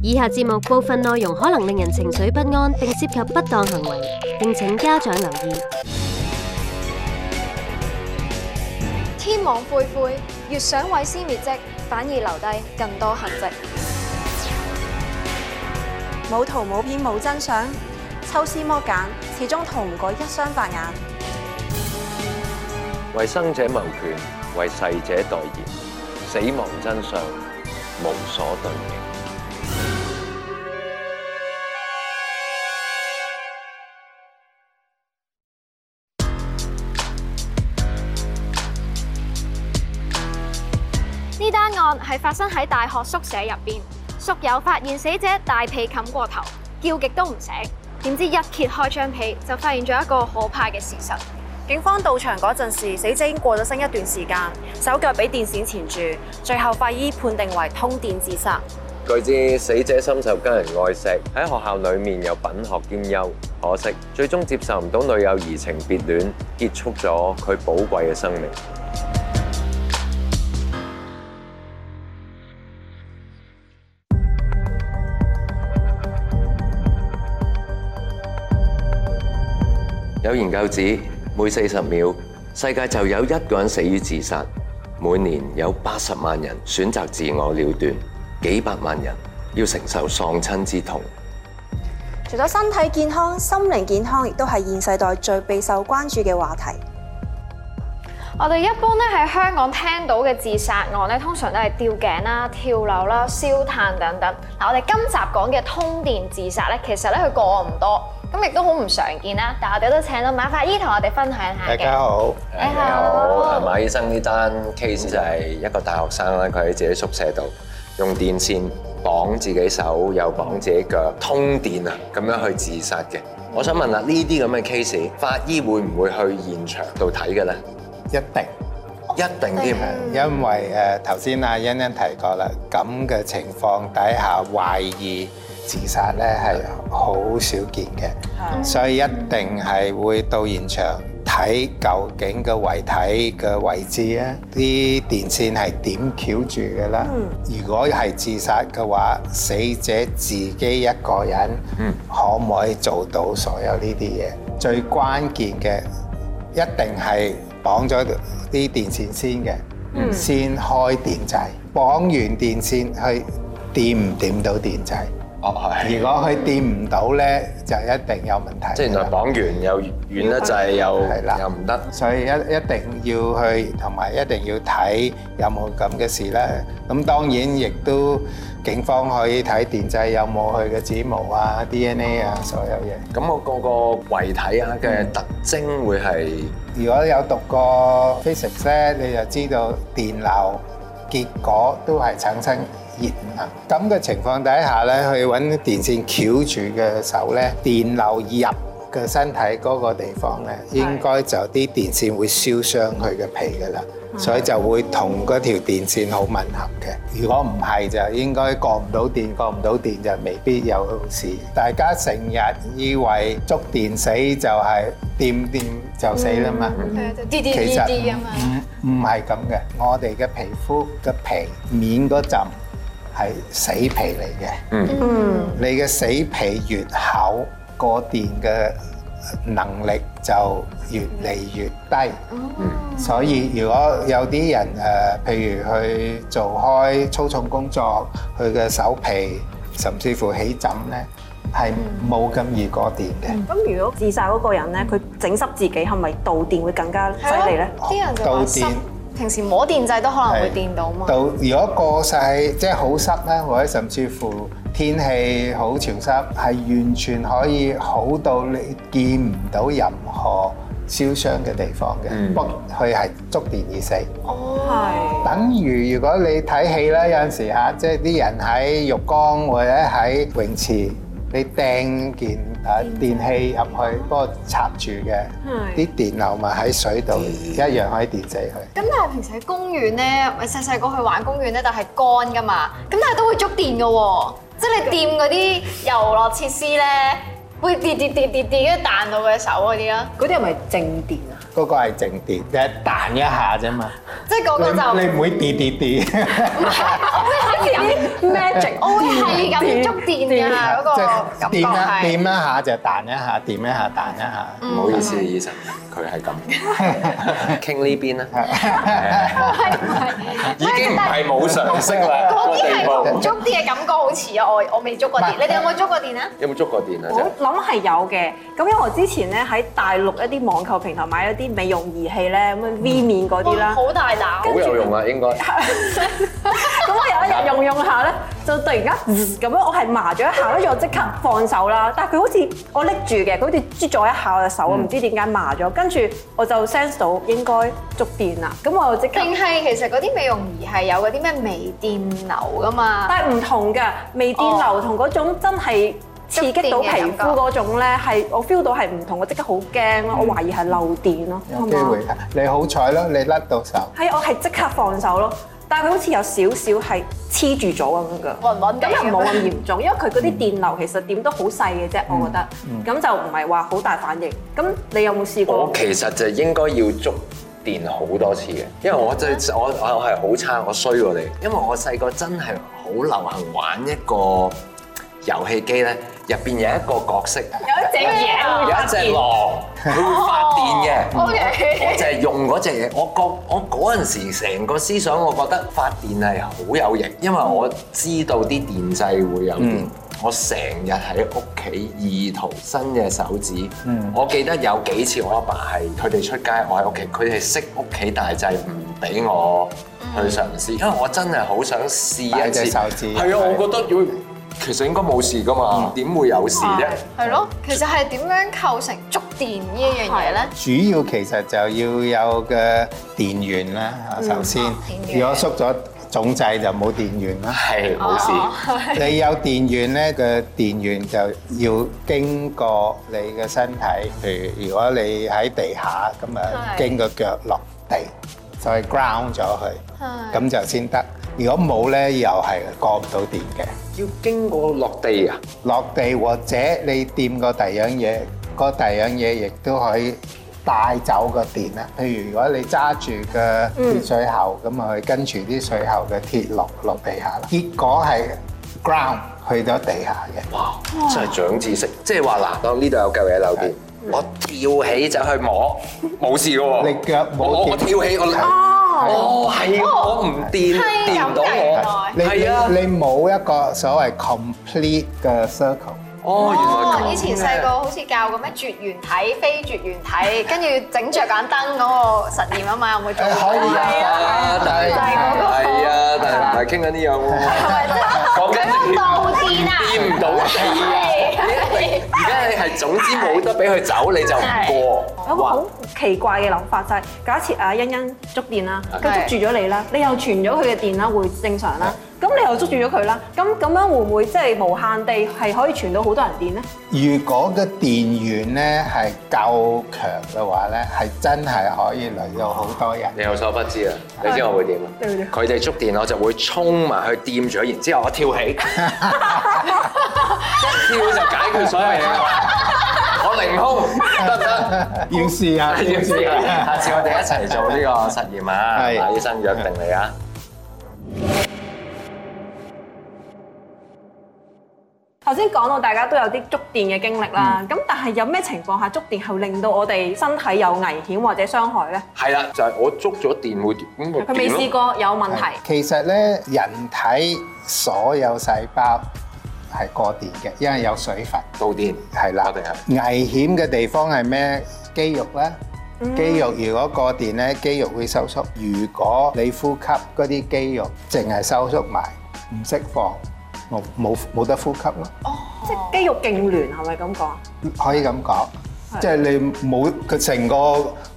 以下節目部分內容可能令人情緒不安，並涉及不當行為，敬請家長留意。天網恢恢，越想毀屍滅跡，反而留低更多痕跡。冇圖冇片冇真相，抽絲剝繭，始終逃唔過一雙白眼。為生者謀權，為逝者代言，死亡真相無所遁形。係發生喺大學宿舍入邊，宿友發現死者大被冚過頭，叫極都唔醒，點知一揭開張被就發現咗一個可怕嘅事實。警方到場嗰陣時，死者已經過咗身一段時間，手腳俾電線纏住，最後法醫判定為通電自殺。據知死者深受家人愛錫，喺學校裏面有品學兼優，可惜最終接受唔到女友移情別戀，結束咗佢寶貴嘅生命。有研究指，每四十秒世界就有一個人死於自殺，每年有八十萬人選擇自我了斷，幾百萬人要承受喪親之痛。除咗身體健康、心靈健康，亦都係現世代最備受關注嘅話題。我哋一般咧喺香港聽到嘅自殺案咧，通常都係吊頸啦、跳樓啦、燒炭等等。嗱，我哋今集講嘅通電自殺咧，其實咧佢個案唔多。咁亦都好唔常見啦，但係我哋都請到馬法醫同我哋分享下大家好，大家好，馬好嗎醫生呢單 case 就係一個大學生啦，佢喺自己宿舍度用電線綁自己手又綁自己腳，通電啊咁樣去自殺嘅。嗯、我想問下呢啲咁嘅 case，法醫會唔會去現場度睇嘅咧？一定，一定添，嗯、因為誒頭先阿欣欣提過啦，咁嘅情況底下懷疑。自殺呢係好少見嘅，的所以一定係會到現場睇究竟個遺體嘅位置啊，啲電線係點翹住嘅啦。嗯、如果係自殺嘅話，死者自己一個人可唔可以做到所有呢啲嘢？最關鍵嘅一定係綁咗啲電線先嘅，嗯、先開電掣。綁完電線去掂唔掂到電掣？哦、如果佢掂唔到咧，就一定有問題。即係原來綁完又軟得滯，又又唔得。的所以一一定要去，同埋一定要睇有冇咁嘅事咧。咁、嗯、當然亦都警方可以睇電掣有冇佢嘅指模啊、嗯、DNA 啊，所有嘢。咁我個個遺體啊嘅特徵會係、嗯、如果有讀過 physics 你就知道電流結果都係產生。熱啊！咁嘅情況底下咧，去揾電線翹住嘅時候咧，電流入嘅身體嗰個地方咧，應該就啲電線會燒傷佢嘅皮㗎啦，所以就會同嗰條電線好吻合嘅。如果唔係就應該過唔到電，過唔到電就未必有事。大家成日以為觸電死就係掂掂就死啦嘛，其實唔唔係咁嘅。我哋嘅皮膚嘅皮面嗰浸。係死皮嚟嘅，嗯，你嘅死皮越厚，過電嘅能力就越嚟越低。嗯，所以如果有啲人誒，譬如去做開粗重工作，佢嘅手皮甚至乎起枕咧，係冇咁易過電嘅。咁如果自殺嗰個人咧，佢整濕自己，係咪導電會更加犀利咧？啲人導電。平時摸電掣都可能會電到嘛？到如果過晒，即係好濕咧，或者甚至乎天氣好潮濕，係完全可以好到你見唔到任何燒傷嘅地方嘅，不佢係觸電而死。哦，係。等於如果你睇戲咧，有陣時吓，即係啲人喺浴缸或者喺泳池。你掟件啊電器入去，嗰個插住嘅，啲電流咪喺水度，一樣可以電死佢。咁但係平時喺公園咧，咪細細個去玩公園咧，但係乾噶嘛。咁但係都會觸電嘅喎，即係你掂嗰啲遊樂設施咧，會跌跌跌跌跌，一彈到佢手嗰啲咯。嗰啲係咪靜電？嗰個係靜電，就彈一下啫嘛。即係嗰個就你唔會跌跌跌。唔係，我會好似有啲 magic，我會係有觸電㗎嗰個感覺係。掂一下就彈一下，掂一下彈一下。唔好意思，醫生，佢係咁。傾呢邊啦。係唔係？已經唔係冇常識啦。嗰啲係觸電嘅感覺，好似啊，我我未觸過電。你哋有冇觸過電啊？有冇觸過電啊？我諗係有嘅。咁因為我之前咧喺大陸一啲網購平台買咗。啲美容儀器咧，咁樣 V 面嗰啲啦，好大膽，好有用啊，應該。咁我有一日用用下咧，就突然間咁樣，我係麻咗一下，跟住我即刻放手啦。但係佢好似我拎住嘅，好似捽咗一下我隻手，唔知點解麻咗。跟住我就 sense 到應該觸電啦。咁我就即刻。定係其實嗰啲美容儀係有嗰啲咩微電流噶嘛？但係唔同㗎，微電流同嗰種真係。刺激到皮膚嗰種咧，係我 feel 到係唔同，我即刻好驚咯，是我懷疑係漏電咯。有機會，有你好彩咯，你甩到手。係，我係即刻放手咯，但係佢好似有少少係黐住咗咁樣㗎。穩唔穩定？咁又冇咁嚴重， 因為佢嗰啲電流其實點都好細嘅啫，嗯、我覺得。咁、嗯、就唔係話好大反應。咁你有冇試過？我其實就應該要觸電好多次嘅，因為我真係麼我我係好差，我衰過你。因為我細個真係好流行，流行玩一個遊戲機咧。入邊有一個角色，有一隻嘢有，有一隻狼，佢會發電嘅、oh, okay.，我就係用嗰隻嘢。我覺我嗰陣時成個思想，我覺得發電係好有型，因為我知道啲電掣會有電。Mm. 我成日喺屋企意圖伸隻手指。Mm. 我記得有幾次我阿爸係佢哋出街，我喺屋企，佢哋識屋企大掣，唔俾我去嘗試，mm. 因為我真係好想試一次。係啊，我覺得要。其實應該冇事噶嘛，點會有事啫？係咯，其實係點樣構成觸電呢一樣嘢咧？主要其實就要有嘅電源啦，首先。如果縮咗總掣就冇電源啦，係冇事。你有電源咧，個電源就要經過你嘅身體，譬如如果你喺地下咁啊，經過腳落地，再 ground 咗佢，咁就先得。如果冇咧，又係過唔到電嘅。要經過落地啊，落地或者你掂過第二樣嘢，個第二樣嘢亦都可以帶走個電啊。譬如如果你揸住個鐵水喉，咁啊去跟住啲水喉嘅鐵落落地下，結果係 ground 去咗地下嘅。哇！真係長知識。哇即係話嗱，當呢度有嚿嘢漏電我跳起就去摸，冇事嘅喎。你腳冇跌。我跳起我。是啊哦，係，我唔掂，掂唔到我。係啊，你冇一個所謂 complete 嘅 circle。哦，原來。以前細個好似教過咩絕緣體、非絕緣體，跟住整著緊燈嗰個實驗啊嘛，有冇做？係啊，但係。係啊，但係唔係傾緊呢樣喎？講緊導電啊，掂唔到地啊。而家你係總之冇得俾佢走，你就唔過。有個好奇怪嘅諗法就係，假設啊欣欣觸電啦，跟住捉住咗你啦，你又傳咗佢嘅電啦，會正常啦。咁你又捉住咗佢啦，咁咁樣會唔會即係無限地係可以傳到好多人電咧？如果個電源咧係夠強嘅話咧，係真係可以嚟到好多人，啊。你有所不知啊，你知我會點啊？佢哋觸電，我就會衝埋去掂咗，然之後我跳起，跳 就解決所有嘢 我凌空得唔得？ 要試啊！要試啊！下次我哋一齊做呢個實驗啊！ 是醫生約定你啊！頭先講到大家都有啲觸電嘅經歷啦，咁但係有咩情況下觸電後令到我哋身體有危險或者傷害咧？係啦，就係我觸咗電會，咁咪電咯。佢未試過有問題。其實咧，人體所有細胞係過電嘅，因為有水分導電係啦，定係危險嘅地方係咩？肌肉咧，肌肉如果過電咧，肌肉會收縮。如果你呼吸嗰啲肌肉淨係收縮埋，唔釋放。我冇冇得呼吸咯，哦，即係肌肉痙攣，係咪咁講？可以咁講，即係你冇個成個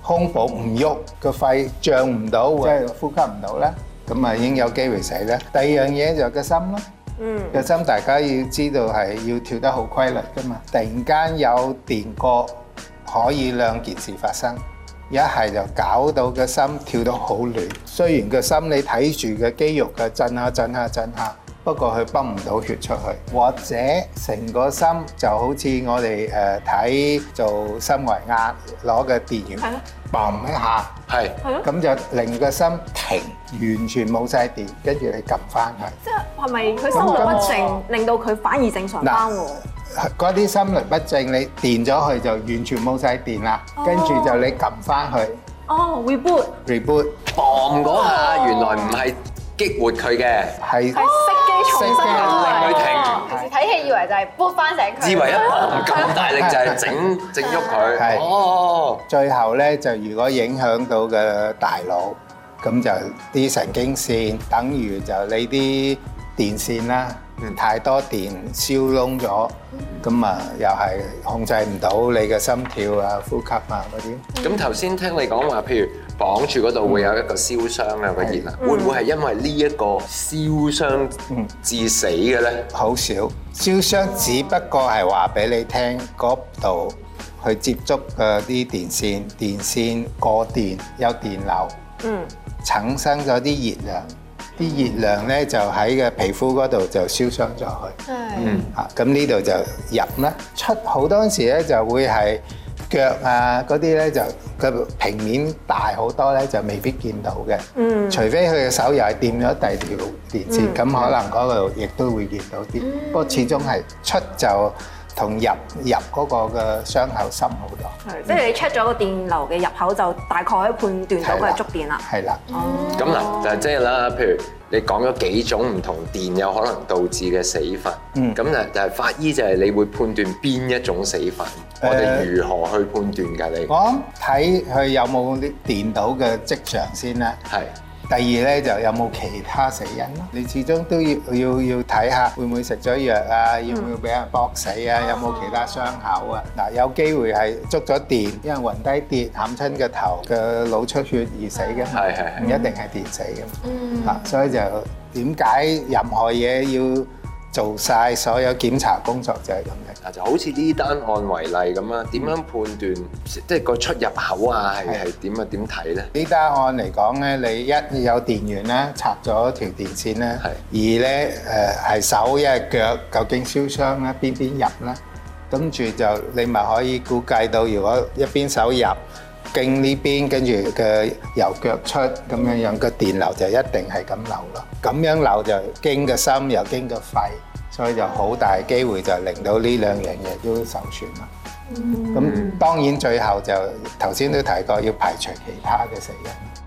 胸部唔喐，個肺脹唔到，即係呼吸唔到啦。咁啊已經有機會死啦。第二樣嘢就係個心咯，嗯，個心大家要知道係要跳得好規律噶嘛。突然間有電過，可以兩件事發生，一係就搞到個心跳到好亂，雖然個心你睇住個肌肉嘅震下震下震下。不過佢泵唔到血出去，或者成個心就好似我哋誒睇做心外壓攞嘅電源，嘣一下，係，咁就令個心停，完全冇晒電，跟住你撳翻佢。即係係咪佢心律不正，令到佢反而正常翻喎？嗰啲心律不正，你電咗佢就完全冇晒電啦，跟住就你撳翻佢。哦，reboot。reboot，嘣嗰下原來唔係激活佢嘅，係。正身令佢停，平時睇戲以為就係撥翻醒佢，以為一盆咁大力就係整整喐佢。哦，最後咧就如果影響到嘅大腦，咁就啲神經線等於就你啲電線啦。太多電燒燶咗，咁啊又係控制唔到你嘅心跳啊、呼吸啊嗰啲。咁頭先聽你講話，譬如綁住嗰度會有一個燒傷啊，個熱能，會唔會係因為呢一個燒傷致死嘅咧？好少燒傷，只不過係話俾你聽，嗰度去接觸嗰啲電線，電線過電有電流，產生咗啲熱量。啲熱量咧，就喺個皮膚嗰度就燒傷咗去。嗯，嚇咁呢度就入咧，出好多時咧，就會係腳啊嗰啲咧，就個平面大好多咧，就未必見到嘅，除非佢嘅手又係掂咗第二條電線，咁、嗯、可能嗰度亦都會見到啲，不過、嗯、始終係出就。同入入嗰個嘅傷口深好多，係，即係你 check 咗個電流嘅入口就大概可以判斷到佢係觸電啦。係啦，咁嗱就係即係啦，譬如你講咗幾種唔同電有可能導致嘅死法，咁就就係法醫就係你會判斷邊一種死法，我哋如何去判斷㗎？你講睇佢有冇啲電到嘅跡象先呢。係。第二咧，就有冇其他死因咯？你始終都要要要睇下，會唔會食咗藥啊？要唔要俾人搏死啊？嗯、有冇其他傷口啊？嗱、嗯，有機會係捉咗電，因為暈低跌，冚親個頭，個腦出血而死嘅，係係唔一定係電死嘅，嗯，嗱、嗯，所以就點解任何嘢要？做晒所有檢查工作，就係咁嘅，就好似呢單案為例咁啊，點樣判斷、嗯、即係個出入口啊係係點啊點睇咧？是呢單案嚟講咧，你一有電源咧，插咗條電線咧，二咧，誒係手一係腳究竟燒傷咧邊邊入咧，跟住就你咪可以估計到，如果一邊手入。經呢邊，跟住嘅由腳出咁樣樣，個電流就一定係咁流咯。咁樣流就經個心，又經個肺，所以就好大機會就令到呢兩樣嘢都受損啦。咁、mm hmm. 當然最後就頭先都提過，要排除其他嘅死因。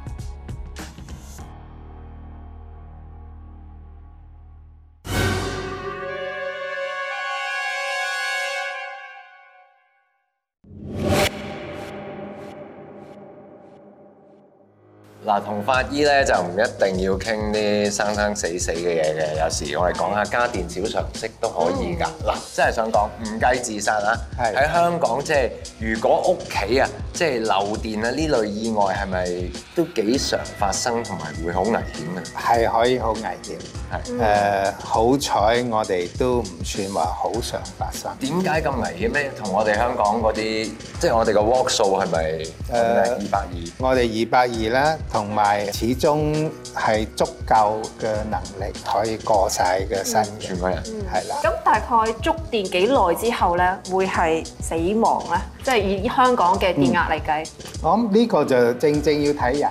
嗱，同法醫咧就唔一定要傾啲生生死死嘅嘢嘅，有時我哋講下家電小常識都可以㗎。嗱、嗯，真係想講唔計自殺啊！喺香港即係如果屋企啊，即係漏電啊呢類意外係咪都幾常發生同埋會好危險啊？係可以好危險，係誒好彩我哋都唔算話好常發生。點解咁危險咧？同、呃、我哋、嗯、香港嗰啲即係我哋個 walk 數係咪誒二百二？呃、我哋二百二咧。同埋，始終係足夠嘅能力可以過曬嘅身嘅，全個人係啦。咁大概觸電幾耐之後咧，會係死亡咧？即係以香港嘅電壓嚟計。我諗呢個就正正要睇人。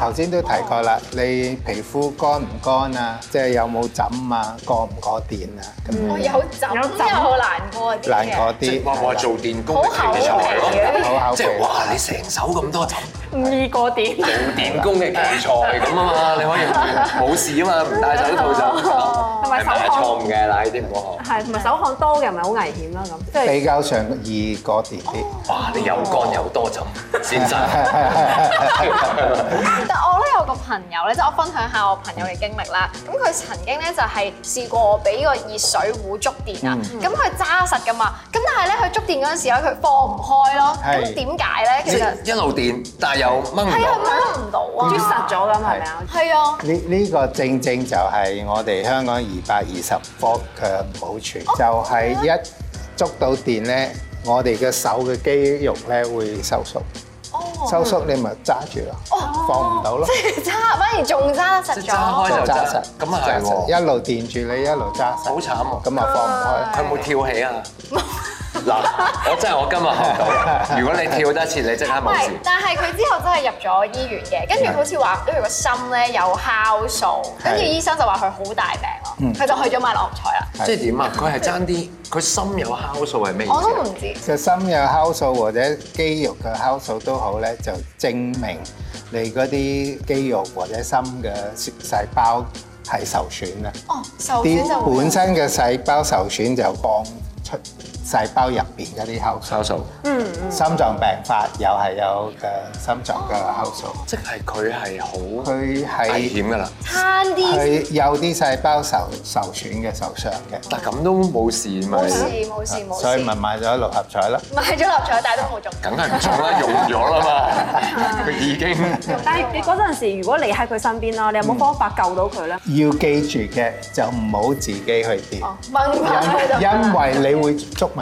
頭先都提過啦，你皮膚乾唔乾啊？即係有冇枕啊？過唔過電啊？嗯，有枕又難過啲嘅。難過啲。冇話做電工嘅唔知厚唔厚咯。即係哇！你成手咁多枕。唔易過電，冇電工嘅器材咁啊嘛，你可以冇事啊嘛，唔戴手套就係咪犯錯誤嘅？嗱，呢啲唔好學。係同埋手汗多嘅係咪好危險咯？咁，即係比較上易過電啲。哇，你又乾又多手。先生係係係係係。有個朋友咧，即係我分享下我朋友嘅經歷啦。咁佢曾經咧就係試過俾個熱水壺觸電啊。咁佢揸實㗎嘛。咁但係咧，佢觸電嗰陣時咧，佢放唔開咯。咁點解咧？其實一路電，但係又掹唔係佢掹唔到啊，揸實咗㗎，係咪啊？係啊。呢呢個正正就係我哋香港二百二十伏嘅保存，就係一觸到電咧，我哋嘅手嘅肌肉咧會收縮。 收縮你咪揸住咯，放唔到咯，即係揸反而仲揸得實，揸開，開就揸實，咁啊就一路墊住你一路揸實，好慘喎，咁啊放唔開，佢會、啊、跳起啊？ 嗱，我真係我今日學到。如果你跳得切，你即刻冇事。但係佢之後真係入咗醫院嘅，跟住好似話，因為個心咧有酵素，跟住是醫生就話佢好大病咯。佢、嗯、就去咗買六合彩啦。是是即係點啊？佢係爭啲，佢心有酵素係咩？我都唔知。其實心有酵素或者肌肉嘅酵素都好咧，就證明你嗰啲肌肉或者心嘅細胞係受損啊。哦，受損本身嘅細胞受損就放出。細胞入邊嗰啲酵素，嗯，心臟病發又係有嘅心臟嘅酵素，即係佢係好危險㗎啦，慘啲，佢有啲細胞受受損嘅、受傷嘅，但係咁都冇事咪，冇事冇事冇，所以咪買咗六合彩咯，買咗六合彩但係都冇中，梗係唔中啦，用咗啦嘛，佢已經，但係你嗰陣時，如果你喺佢身邊咯，你有冇方法救到佢咧？要記住嘅就唔好自己去掂，因因為你會捉埋。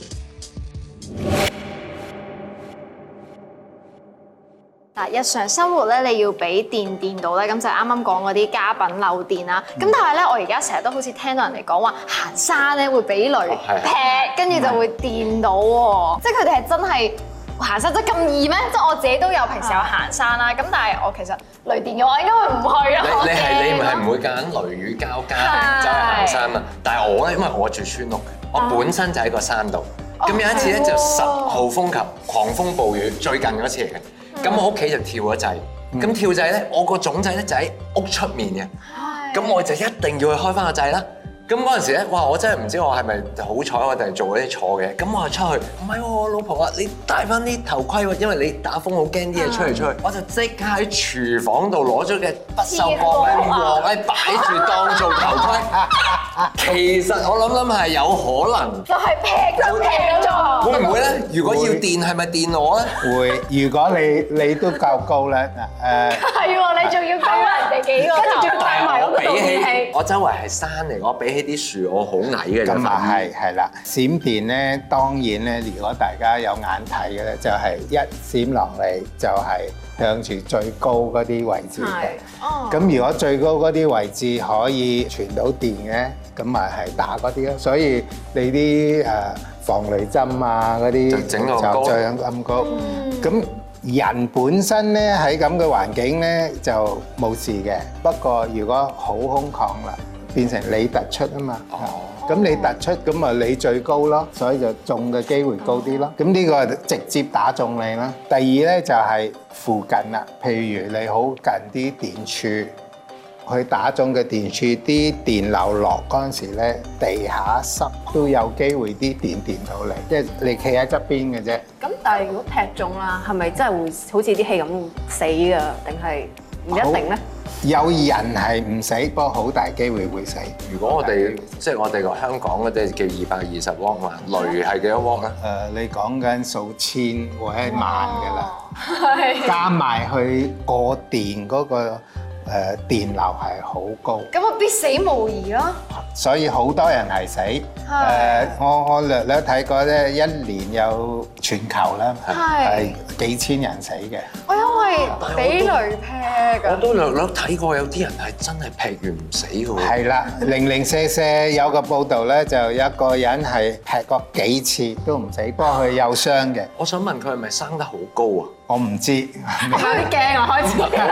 日常生活咧，你要俾電電到咧，咁就啱啱講嗰啲家品漏電啦。咁、嗯、但係咧，我而家成日都好似聽到人哋講話行山咧會俾雷劈，跟住就會電到喎。即係佢哋係真係行山得咁易咩？即係我自己都有平時有行山啦。咁、啊、但係我其實雷電嘅話，應該會唔去啊。你你係你唔係唔會揀雷雨交加就係行山啊？但係我咧，因為我住村屋，我本身就喺個山度。咁、啊、有一次咧，就十號風球，狂風暴雨，最近嗰次嚟嘅。咁我屋企就跳咗掣，咁、嗯、跳掣咧，我個總掣咧就喺、是、屋出面嘅，咁是的 我就一定要去開返個掣啦。咁嗰陣時咧，哇！我真係唔知我係咪好彩，我定係做嗰啲錯嘅。咁我就出去，唔係喎，老婆啊，你戴翻啲頭盔喎，因為你打風好驚啲嘢吹嚟吹去。我就即刻喺廚房度攞咗隻不鏽鋼嘅鑊，誒擺住當做頭盔。其實我諗諗係有可能，就係劈就劈咗咗。會唔會咧？如果要電，係咪電我咧？會。如果你你都夠高咧，誒。係喎，你仲要高過人哋幾個頭？跟住仲要帶埋我。我周圍係山嚟，我比起。呢啲樹我好矮嘅。咁啊，係係啦。閃電咧，當然咧，如果大家有眼睇嘅咧，就係一閃落嚟就係向住最高嗰啲位置嘅。哦。咁如果最高嗰啲位置可以傳到電嘅，咁咪係打嗰啲咯。所以你啲誒防雷針啊嗰啲就整個高，再向暗高。嗯。咁人本身咧喺咁嘅環境咧就冇事嘅，不過如果好空曠啦，變成你突出啊嘛，咁你突出咁啊你最高咯，所以就中嘅機會高啲咯。咁呢個直接打中你啦。第二咧就係附近啦，譬如你好近啲電柱，佢打中嘅電柱啲電流落嗰時咧，地下濕都有機會啲電電到你，即係你企喺側邊嘅啫。咁但係如果劈中啦，係咪真係會好似啲戲咁死㗎，定係唔一定咧？有人係唔死，不過好大機會會死。如果我哋即係我哋個香港嗰啲叫二百二十瓦嘛，雷係幾多瓦咧？誒、呃，你講緊數千或者萬㗎喇，哇加埋去過電嗰、嗰個。誒，電流係好高，咁啊必死無疑咯。所以好多人係死。誒，我我略略睇過咧，一年有全球咧係幾千人死嘅。我因為俾雷劈嘅，我都略略睇過有啲人係真係劈完唔死嘅。係啦，零零四四有個報道咧，就有一個人係劈過幾次都唔死，不過佢有傷嘅。我想問佢係咪生得好高啊？我唔知，佢驚啊！開始冇冇咁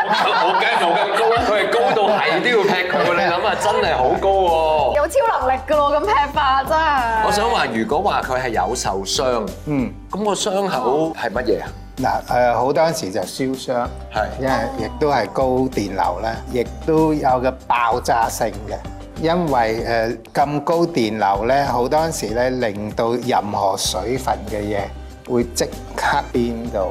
高啊？佢係高到係都要劈佢，你諗下真係好高喎！有超能力噶咯，咁劈法真係。我想話，如果話佢係有受傷，嗯，咁個傷口係乜嘢啊？嗱，誒好多時就燒傷，係，因為亦都係高電流咧，亦都有個爆炸性嘅，因為誒咁高電流咧，好多時咧令到任何水分嘅嘢會即刻變到。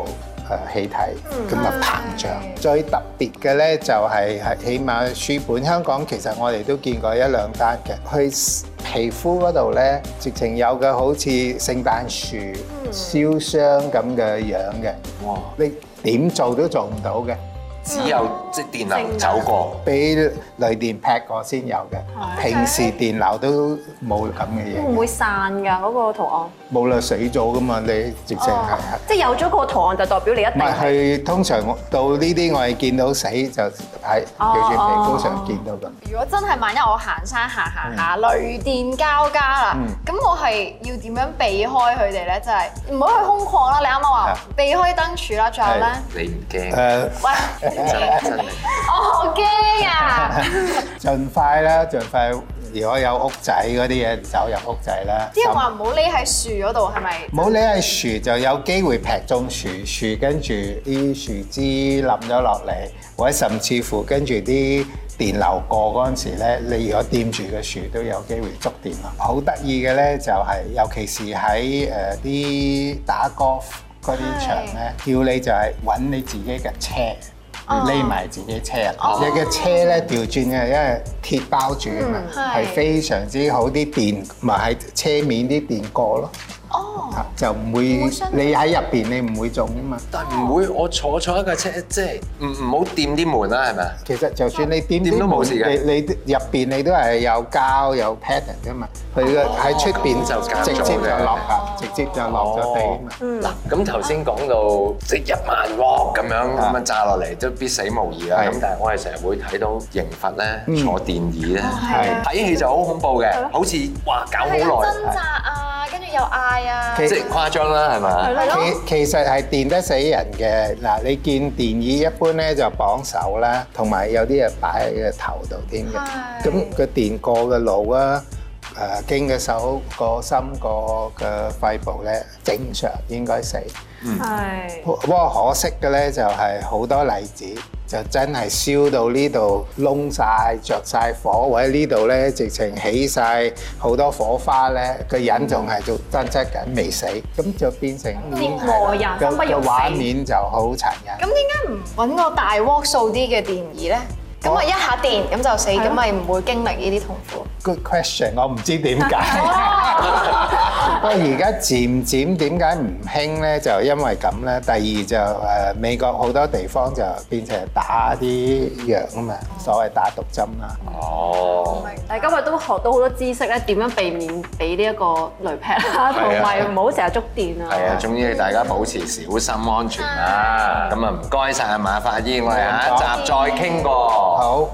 誒氣體咁啊，膨脹，最特別嘅咧就係係起碼書本，香港其實我哋都見過一兩單嘅，佢皮膚嗰度咧，直情有個好似聖誕樹燒傷咁嘅樣嘅，哇你點做都做唔到嘅。只有即電流走過，俾雷電劈過先有嘅。平時電流都冇咁嘅嘢。都唔會散㗎，嗰個圖案。冇啦，死咗㗎嘛，你直情係啊。即有咗個圖案就代表你一定唔係。通常我到呢啲我哋見到死就係，叫做皮膚上見到咁。如果真係萬一我行山行行下雷電交加啦，咁我係要點樣避開佢哋咧？就係唔好去空曠啦。你啱啱話避開燈柱啦，最後咧你唔驚。喂。真嘅，真嘅。我好驚啊！盡快啦，盡快。如果有屋仔嗰啲嘢，走入屋仔啦。啲人話唔好匿喺樹嗰度，係咪？冇匿喺樹就有機會劈中樹，樹跟住啲樹枝冧咗落嚟，或者甚至乎跟住啲電流過嗰陣時咧，你如果掂住嘅樹都有機會觸電啦。好得意嘅咧，就係尤其是喺誒啲打 golf 嗰啲場咧，叫你就係揾你自己嘅車。匿埋自己車，oh. Oh. 你嘅車咧調轉嘅，因為鐵包住啊嘛，係、mm. 非常之好，啲電，咪喺車面啲電過咯。就唔會，你喺入邊你唔會中啊嘛。但係唔會，我坐坐一架車，即係唔唔好掂啲門啦，係咪啊？其實就算你掂都冇事嘅。你你入邊你都係有膠有 pattern 噶嘛。佢嘅喺出邊就直接就落啊，直接就落咗地。嗱，咁頭先講到即一萬落咁樣咁樣炸落嚟都必死無疑啦。咁但係我係成日會睇到刑罰咧，坐電椅咧，睇戲就好恐怖嘅，好似哇搞好耐。掙扎啊！又嗌啊！即係誇張啦，係咪吧？其其實係電得死人嘅。嗱，你見電椅一般咧就綁手啦，同埋有啲啊擺喺個頭度添嘅。咁個是電過嘅腦啊，誒、呃、經嘅手、個心、個嘅肺部咧，正常應該死。係是。不過可惜嘅咧，就係、是、好多例子。就真係燒到呢度燶曬、着曬火，或者呢度咧直情起曬好多火花咧，個人仲係做真真緊，未死，咁就變成啲活人，咁個畫面就好殘忍。咁點解唔揾個大瓦數啲嘅電器咧？咁啊一下電咁就死，咁咪唔會經歷呢啲痛苦。Good question，我唔知點解。不過而家漸漸點解唔興咧？就因為咁咧。第二就誒美國好多地方就變成打啲藥啊嘛，嗯、所謂打毒針啦。哦、嗯。今日都學到好多知識咧，點樣避免俾呢一個雷劈同埋唔好成日觸電啊。係啊，總之大家保持小心安全啦。咁啊唔該晒啊馬法醫，我哋下一集再傾過。好。